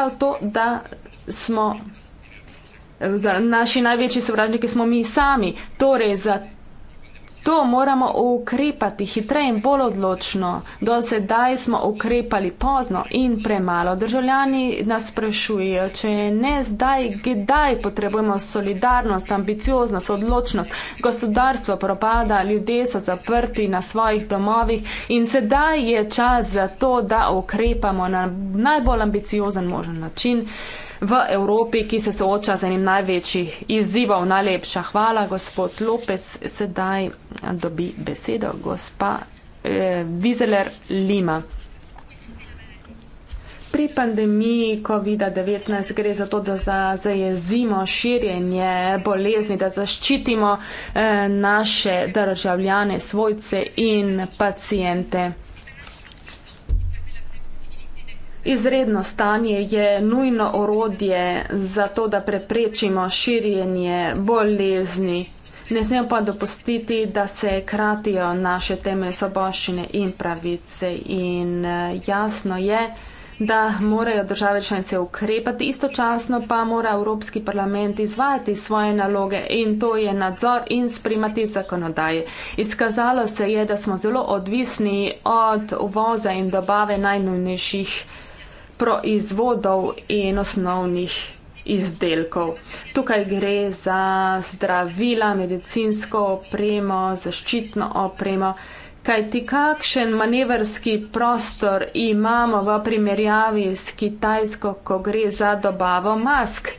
prav to, da smo, naši največji sovražniki smo mi sami. Torej, za To moramo ukrepati hitreje in bolj odločno. Do sedaj smo ukrepali pozno in premalo. Državljani nas sprašujejo, če ne zdaj, kdaj potrebujemo solidarnost, ambicioznost, odločnost. Gospodarstvo propada, ljudje so zaprti na svojih domovih in sedaj je čas za to, da ukrepamo na najbolj ambiciozen možen način v Evropi, ki se sooča z enim največjih izzivov. Najlepša hvala, gospod Lopez. Sedaj dobi besedo gospa eh, Vizeler Lima. Pri pandemiji COVID-19 gre za to, da zajezimo širjenje bolezni, da zaščitimo eh, naše državljane, svojce in pacijente. Izredno stanje je nujno orodje za to, da preprečimo širjenje bolezni. Ne smemo pa dopustiti, da se kratijo naše temeljne soboščine in pravice. In eh, jasno je, da morajo države članice ukrepati, istočasno pa mora Evropski parlament izvajati svoje naloge in to je nadzor in sprimati zakonodaje. Izkazalo se je, da smo zelo odvisni od uvoza in dobave najnujnejših proizvodov in osnovnih izdelkov. Tukaj gre za zdravila, medicinsko opremo, zaščitno opremo. Kaj ti kakšen manevrski prostor imamo v primerjavi s Kitajsko, ko gre za dobavo mask?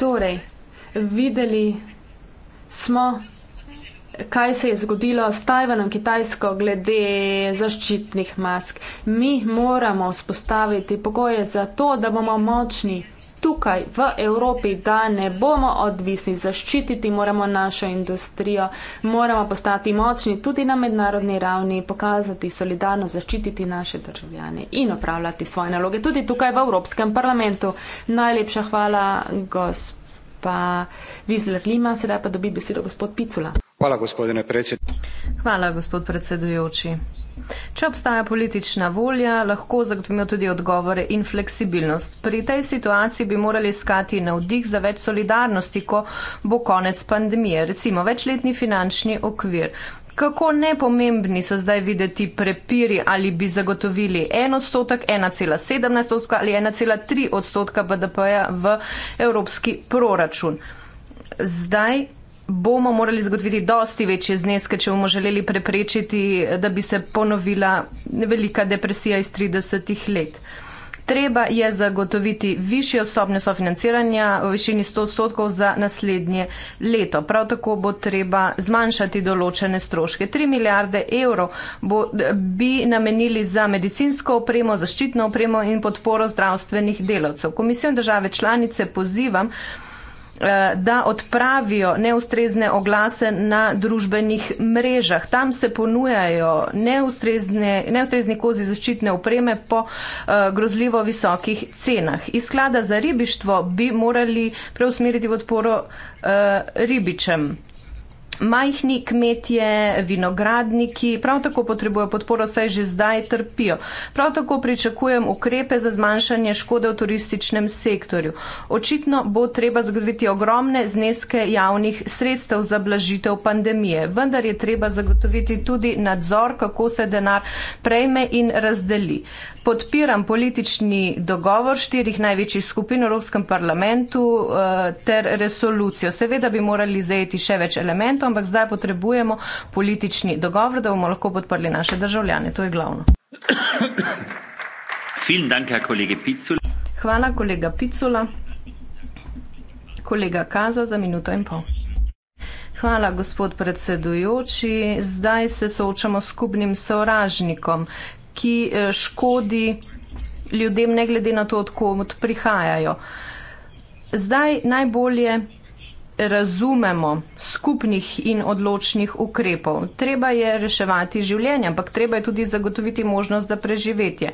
Torej, videli smo, kaj se je zgodilo s Tajvanom, Kitajsko, glede zaščitnih mask. Mi moramo spostaviti pogoje za to, da bomo močni tukaj v Evropi, da ne bomo odvisni. Zaščititi moramo našo industrijo, moramo postati močni tudi na mednarodni ravni, pokazati solidarno, zaščititi naše državljane in opravljati svoje naloge tudi tukaj v Evropskem parlamentu. Najlepša hvala, gospod. Pa Vizler Lima, sedaj pa dobi besedo gospod Picula. Hvala, gospod predsedujoči. Če obstaja politična volja, lahko zagotovimo tudi odgovore in fleksibilnost. Pri tej situaciji bi morali iskati navdih za več solidarnosti, ko bo konec pandemije, recimo večletni finančni okvir. Kako nepomembni so zdaj videti prepiri, ali bi zagotovili en odstotek, 1,17 odstotka ali 1,3 odstotka BDP-ja v evropski proračun. Zdaj bomo morali zagotoviti dosti večje zneske, če bomo želeli preprečiti, da bi se ponovila velika depresija iz 30 let. Treba je zagotoviti višje osobne sofinanciranja v višini 100 odstotkov za naslednje leto. Prav tako bo treba zmanjšati določene stroške. 3 milijarde evrov bo, bi namenili za medicinsko opremo, zaščitno opremo in podporo zdravstvenih delavcev. Komisijo in države članice pozivam, Eh, da odpravijo neustrezne oglase na družbenih mrežah. Tam se ponujajo neustrezni kozi zaščitne opreme po eh, grozljivo visokih cenah. Iz sklada za ribištvo bi morali preusmeriti v odporo eh, ribičem. Majhni kmetje, vinogradniki prav tako potrebujejo podporo, saj že zdaj trpijo. Prav tako pričakujem ukrepe za zmanjšanje škode v turističnem sektorju. Očitno bo treba zagotoviti ogromne zneske javnih sredstev za blažitev pandemije. Vendar je treba zagotoviti tudi nadzor, kako se denar prejme in razdeli. Podpiram politični dogovor štirih največjih skupin v Evropskem parlamentu eh, ter resolucijo. Seveda bi morali zajeti še več elementov rešitev, ampak zdaj potrebujemo politični dogovor, da bomo lahko podprli naše državljane. To je glavno. Hvala, kolega Picula. Kolega Kaza za minuto in pol. Hvala, gospod predsedujoči. Zdaj se soočamo s skupnim sovražnikom, ki eh, škodi ljudem, ne glede na to, odkud prihajajo. Zdaj najbolje razumemo skupnih in odločnih ukrepov. Treba je reševati življenje, ampak treba je tudi zagotoviti možnost za preživetje.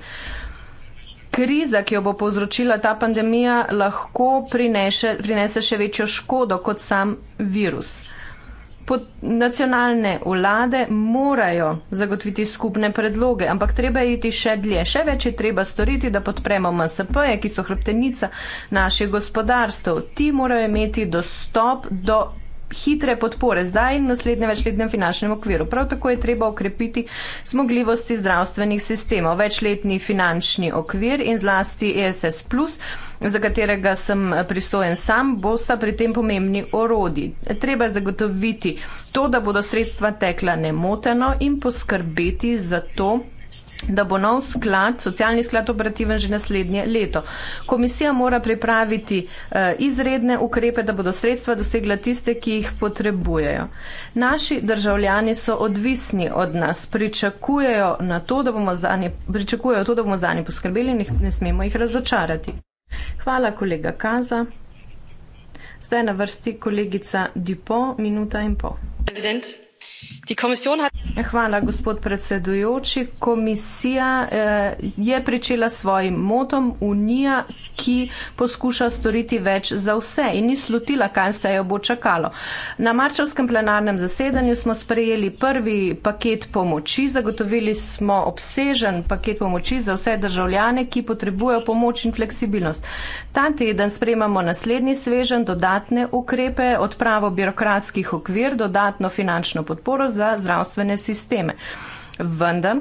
Kriza, ki jo bo povzročila ta pandemija, lahko prinese, prinese še večjo škodo kot sam virus pot, nacionalne vlade morajo zagotoviti skupne predloge, ampak treba je iti še dlje. Še več je treba storiti, da podpremo MSP-je, ki so hrbtenica naših gospodarstv. Ti morajo imeti dostop do hitre podpore zdaj in v naslednjem večletnem finančnem okviru. Prav tako je treba ukrepiti zmogljivosti zdravstvenih sistemov. Večletni finančni okvir in zlasti ESS, za katerega sem pristojen sam, bo sta pri tem pomembni orodji. Treba zagotoviti to, da bodo sredstva tekla nemoteno in poskrbeti za to, da bo nov sklad, socialni sklad operativen že naslednje leto. Komisija mora pripraviti eh, izredne ukrepe, da bodo sredstva dosegla tiste, ki jih potrebujejo. Naši državljani so odvisni od nas, pričakujejo na to, da bomo za nje, pričakujejo to, da bomo za nje poskrbeli in ne smemo jih razočarati. Hvala, kolega Kaza. Zdaj je na vrsti kolegica Dupont, minuta in pol. President. Hvala, gospod predsedujoči. Komisija eh, je pričela s svojim motom, Unija, ki poskuša storiti več za vse in ni slutila, kaj vse jo bo čakalo. Na marčevskem plenarnem zasedanju smo sprejeli prvi paket pomoči, zagotovili smo obsežen paket pomoči za vse državljane, ki potrebujejo pomoč in fleksibilnost. Ta teden sprejemamo naslednji svežen, dodatne ukrepe, odpravo birokratskih okvir, dodatno finančno podporo za zdravstvene sisteme. Vendar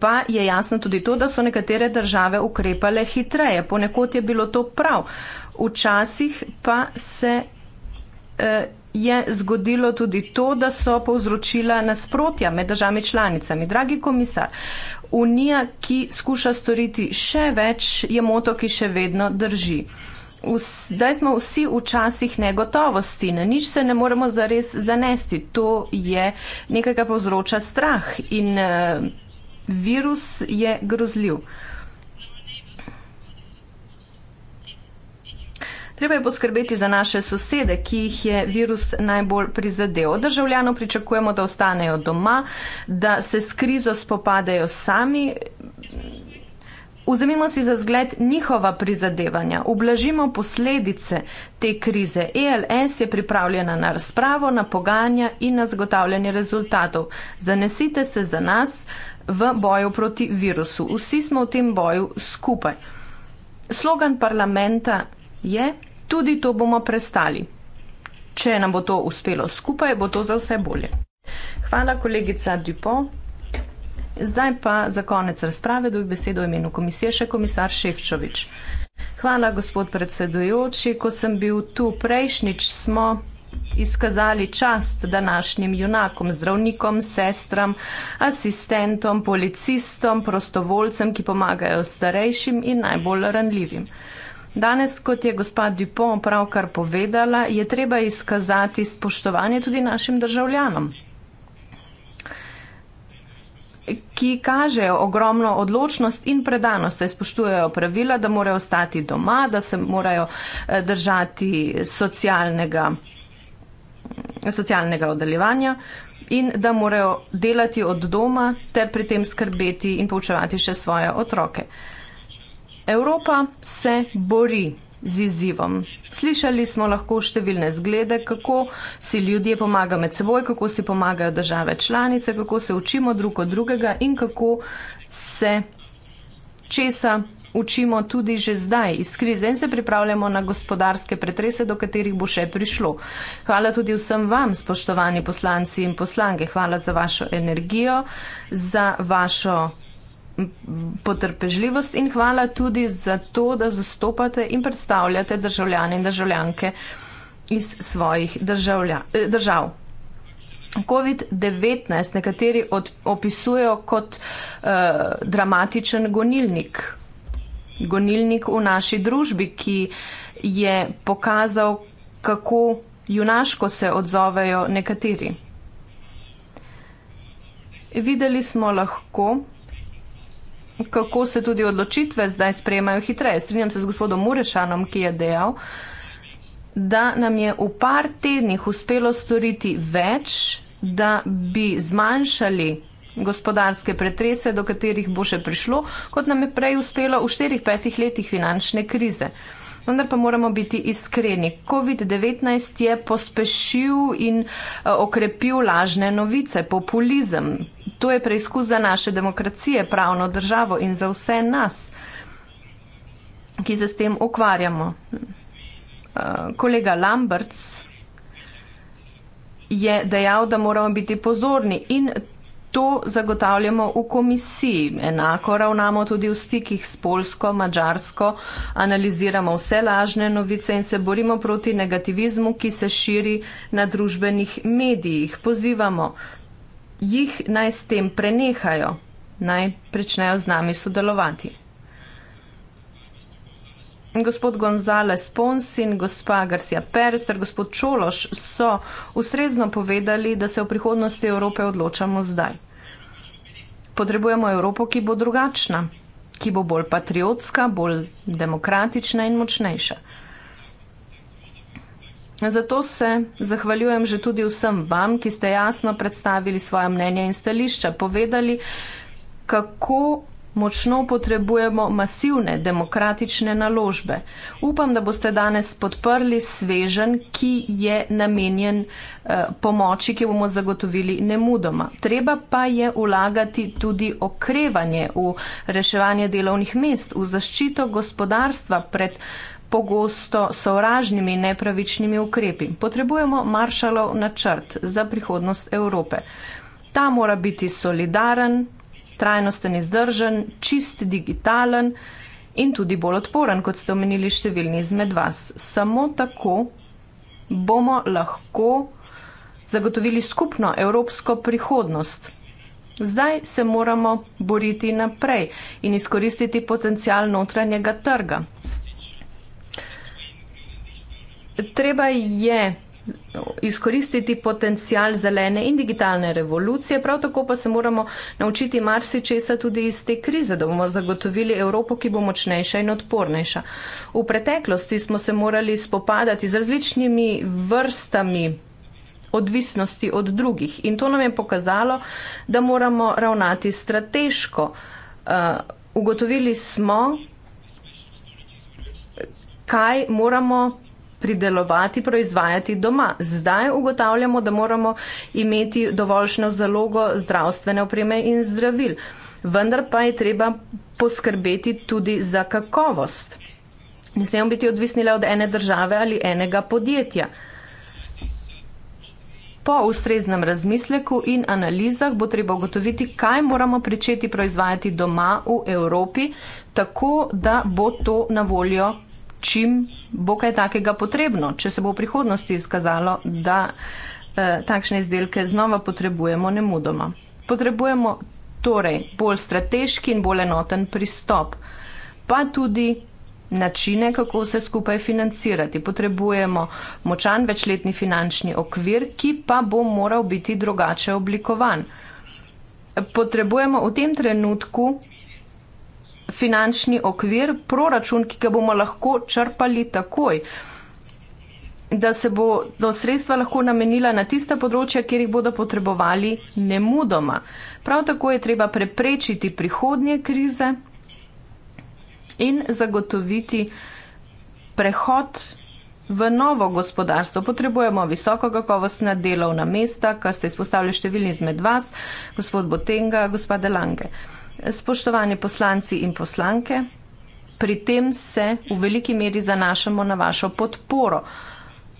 pa je jasno tudi to, da so nekatere države ukrepale hitreje, ponekod je bilo to prav. Včasih pa se eh, je zgodilo tudi to, da so povzročila nasprotja med državami članicami. Dragi komisar, Unija, ki skuša storiti še več, je moto, ki še vedno drži zdaj smo vsi včasih negotovosti, na nič se ne moremo zares zanesti. To je nekaj, kar povzroča strah in uh, virus je grozljiv. Treba je poskrbeti za naše sosede, ki jih je virus najbolj prizadel. Od državljanov pričakujemo, da ostanejo doma, da se s krizo spopadajo sami. Vzemimo si za zgled njihova prizadevanja, ublažimo posledice te krize. ELS je pripravljena na razpravo, na pogajanja in na zagotavljanje rezultatov. Zanesite se za nas v boju proti virusu. Vsi smo v tem boju skupaj. Slogan parlamenta je, tudi to bomo prestali. Če nam bo to uspelo skupaj, bo to za vse bolje. Hvala, kolegica Dupont. Zdaj pa za konec razprave dobi besedo v imenu komisije še komisar Ševčovič. Hvala, gospod predsedujoči. Ko sem bil tu prejšnjič, smo izkazali čast današnjim junakom, zdravnikom, sestram, asistentom, policistom, prostovoljcem, ki pomagajo starejšim in najbolj ranljivim. Danes, kot je gospa Dupont pravkar povedala, je treba izkazati spoštovanje tudi našim državljanom ki kažejo ogromno odločnost in predanost, da spoštujejo pravila, da morajo ostati doma, da se morajo eh, držati socialnega, socialnega oddaljevanja in da morajo delati od doma ter pri tem skrbeti in poučevati še svoje otroke. Evropa se bori z izzivom. Slišali smo lahko številne zglede, kako si ljudje pomagajo med seboj, kako si pomagajo države članice, kako se učimo drug od drugega in kako se česa učimo tudi že zdaj iz krize in se pripravljamo na gospodarske pretrese, do katerih bo še prišlo. Hvala tudi vsem vam, spoštovani poslanci in poslanke, hvala za vašo energijo, za vašo potrpežljivost in hvala tudi za to, da zastopate in predstavljate državljane in državljanke iz svojih državlja, eh, držav. COVID-19 nekateri od, opisujejo kot eh, dramatičen gonilnik. Gonilnik v naši družbi, ki je pokazal, kako junaško se odzovejo nekateri. Videli smo lahko, kako se tudi odločitve zdaj sprejemajo hitreje. Strinjam se z gospodom Murešanom, ki je dejal, da nam je v par tednih uspelo storiti več, da bi zmanjšali gospodarske pretrese, do katerih bo še prišlo, kot nam je prej uspelo v 4-5 letih finančne krize vendar pa moramo biti iskreni. COVID-19 je pospešil in eh, okrepil lažne novice, populizem. To je preizkus za naše demokracije, pravno državo in za vse nas, ki se s tem ukvarjamo. Eh, kolega Lamberts je dejal, da moramo biti pozorni in To zagotavljamo v komisiji. Enako ravnamo tudi v stikih s Polsko, Mačarsko, analiziramo vse lažne novice in se borimo proti negativizmu, ki se širi na družbenih medijih. Pozivamo jih naj s tem prenehajo, naj prečnejo z nami sodelovati. Gospod Gonzales Pons in gospa Garcia Perez ter gospod Čološ so ustrezno povedali, da se o prihodnosti Evrope odločamo zdaj. Potrebujemo Evropo, ki bo drugačna, ki bo bolj patriotska, bolj demokratična in močnejša. Zato se zahvaljujem že tudi vsem vam, ki ste jasno predstavili svoje mnenje in stališča, povedali, kako Močno potrebujemo masivne demokratične naložbe. Upam, da boste danes podprli svežen, ki je namenjen eh, pomoči, ki bomo zagotovili nemudoma. Treba pa je ulagati tudi okrevanje v reševanje delovnih mest, v zaščito gospodarstva pred pogosto sovražnimi nepravičnimi ukrepi. Potrebujemo Maršalov načrt za prihodnost Evrope. Ta mora biti solidaren, trajnosten, izdržen, čist digitalen in tudi bolj odporen, kot ste omenili številni izmed vas. Samo tako bomo lahko zagotovili skupno evropsko prihodnost. Zdaj se moramo boriti naprej in izkoristiti potencial notranjega trga. Treba je izkoristiti potencial zelene in digitalne revolucije, prav tako pa se moramo naučiti marsičesa tudi iz te krize, da bomo zagotovili Evropo, ki bo močnejša in odpornejša. V preteklosti smo se morali spopadati z različnimi vrstami odvisnosti od drugih in to nam je pokazalo, da moramo ravnati strateško. Uh, ugotovili smo, kaj moramo pridelovati, proizvajati doma. Zdaj ugotavljamo, da moramo imeti dovoljšno zalogo zdravstvene opreme in zdravil. Vendar pa je treba poskrbeti tudi za kakovost. Ne smemo biti odvisni le od ene države ali enega podjetja. Po ustreznem razmisleku in analizah bo treba ugotoviti, kaj moramo pričeti proizvajati doma v Evropi, tako da bo to na voljo čim bo kaj takega potrebno, če se bo v prihodnosti izkazalo, da eh, takšne izdelke znova potrebujemo nemudoma. Potrebujemo torej bolj strateški in bolj enoten pristop, pa tudi načine, kako vse skupaj financirati. Potrebujemo močan večletni finančni okvir, ki pa bo moral biti drugače oblikovan. Potrebujemo v tem trenutku finančni okvir, proračun, ki ga bomo lahko črpali takoj. Da se bo do sredstva lahko namenila na tista področja, kjer jih bodo potrebovali nemudoma. Prav tako je treba preprečiti prihodnje krize in zagotoviti prehod v novo gospodarstvo. Potrebujemo visoko kakovostna delovna mesta, kar ste izpostavili številni izmed vas, gospod Botenga, gospod Delange. Spoštovani poslanci in poslanke, pri tem se v veliki meri zanašamo na vašo podporo.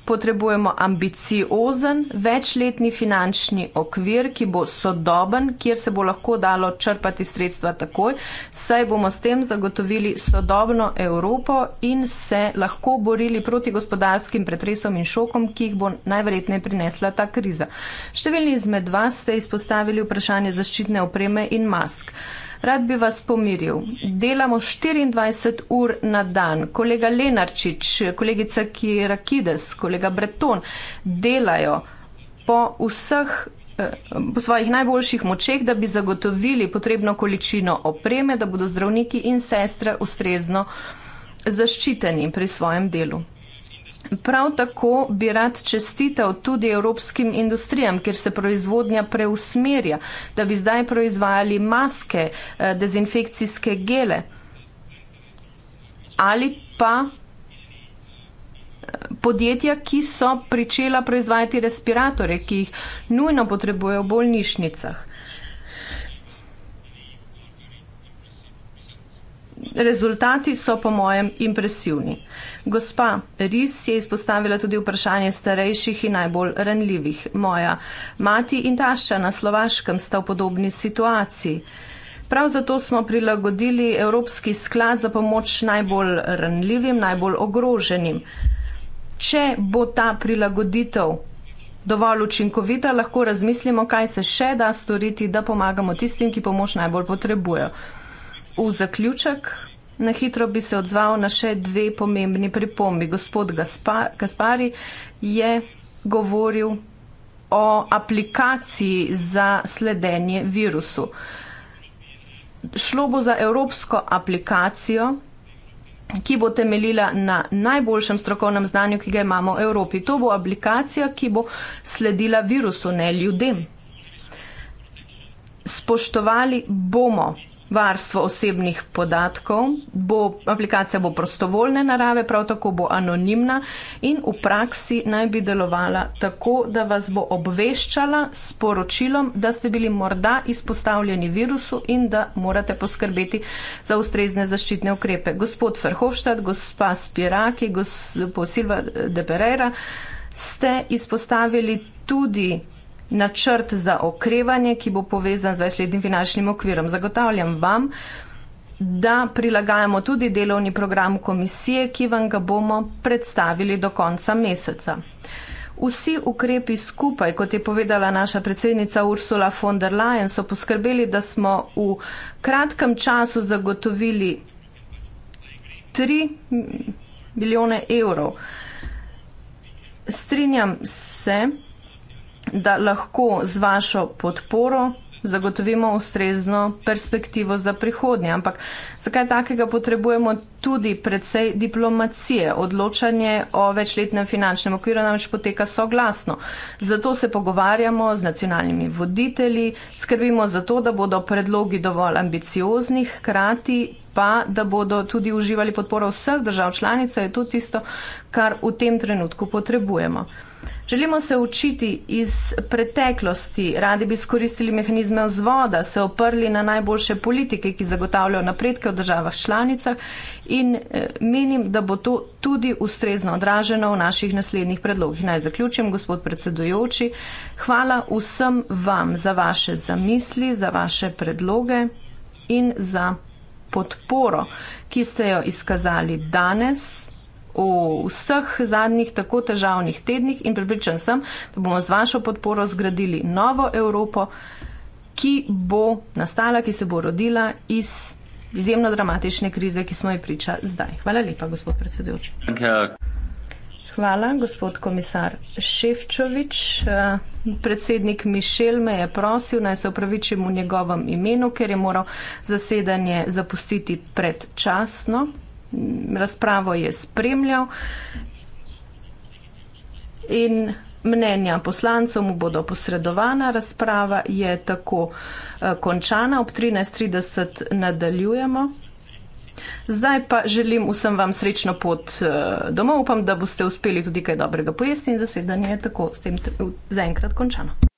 Potrebujemo ambiciozen, večletni finančni okvir, ki bo sodoben, kjer se bo lahko dalo črpati sredstva takoj, saj bomo s tem zagotovili sodobno Evropo in se lahko borili proti gospodarskim pretresom in šokom, ki jih bo najverjetneje prinesla ta kriza. Številni izmed vas ste izpostavili vprašanje zaščitne opreme in mask. Rad bi vas pomiril. Delamo 24 ur na dan. Kolega Lenarčič, kolegica Kirakides, kolega Breton delajo po vseh eh, po svojih najboljših močeh, da bi zagotovili potrebno količino opreme, da bodo zdravniki in sestre ustrezno zaščiteni pri svojem delu. Prav tako bi rad čestitev tudi evropskim industrijam, kjer se proizvodnja preusmerja, da bi zdaj proizvajali maske, eh, dezinfekcijske gele ali pa eh, podjetja, ki so pričela proizvajati respiratore, ki jih nujno potrebujejo v bolnišnicah. Rezultati so po mojem impresivni. Gospa Ris je izpostavila tudi vprašanje starejših in najbolj ranljivih. Moja mati in tašča na Slovaškem sta v podobni situaciji. Prav zato smo prilagodili Evropski sklad za pomoč najbolj ranljivim, najbolj ogroženim. Če bo ta prilagoditev dovolj učinkovita, lahko razmislimo, kaj se še da storiti, da pomagamo tistim, ki pomoč najbolj potrebujejo. V zaključek Na hitro bi se odzval na še dve pomembni pripombi. Gospod Gaspari je govoril o aplikaciji za sledenje virusu. Šlo bo za evropsko aplikacijo, ki bo temeljila na najboljšem strokovnem znanju, ki ga imamo v Evropi. To bo aplikacija, ki bo sledila virusu, ne ljudem. Spoštovali bomo varstvo osebnih podatkov. Bo, aplikacija bo prostovoljne narave, prav tako bo anonimna in v praksi naj bi delovala tako, da vas bo obveščala s poročilom, da ste bili morda izpostavljeni virusu in da morate poskrbeti za ustrezne zaščitne ukrepe. Gospod Ferhofštad, gospa Spiraki, gospod Silva de Pereira, ste izpostavili tudi načrt za okrevanje, ki bo povezan z večletnim finančnim okvirom. Zagotavljam vam, da prilagajamo tudi delovni program komisije, ki vam ga bomo predstavili do konca meseca. Vsi ukrepi skupaj, kot je povedala naša predsednica Ursula von der Leyen, so poskrbeli, da smo v kratkem času zagotovili 3 milijone evrov. Strinjam se, da lahko z vašo podporo zagotovimo ustrezno perspektivo za prihodnje. Ampak zakaj takega potrebujemo tudi predvsej diplomacije? Odločanje o večletnem finančnem okviru namreč poteka soglasno. Zato se pogovarjamo z nacionalnimi voditelji, skrbimo za to, da bodo predlogi dovolj ambiciozni, hkrati pa da bodo tudi uživali podporo vseh držav članica, je to tisto, kar v tem trenutku potrebujemo. Želimo se učiti iz preteklosti, radi bi skoristili mehanizme vzvoda, se oprli na najboljše politike, ki zagotavljajo napredke v državah članicah in eh, menim, da bo to tudi ustrezno odraženo v naših naslednjih predlogih. Naj zaključim, gospod predsedujoči, hvala vsem vam za vaše zamisli, za vaše predloge in za podporo, ki ste jo izkazali danes. V vseh zadnjih tako težavnih tednih in pripričan sem, da bomo z vašo podporo zgradili novo Evropo, ki bo nastala, ki se bo rodila iz izjemno dramatične krize, ki smo ji priča zdaj. Hvala lepa, gospod predsedujoči. Okay. Hvala, gospod komisar Ševčovič. Eh, predsednik Mišel me je prosil, naj se upravičim v njegovem imenu, ker je moral zasedanje zapustiti predčasno. Mm, razpravo je spremljal in mnenja poslancev mu bodo posredovana. Razprava je tako eh, končana. Ob 13.30 nadaljujemo. Zdaj pa želim vsem vam srečno pot eh, domov, upam, da boste uspeli tudi kaj dobrega pojesti in zasedanje je tako s tem zaenkrat končano.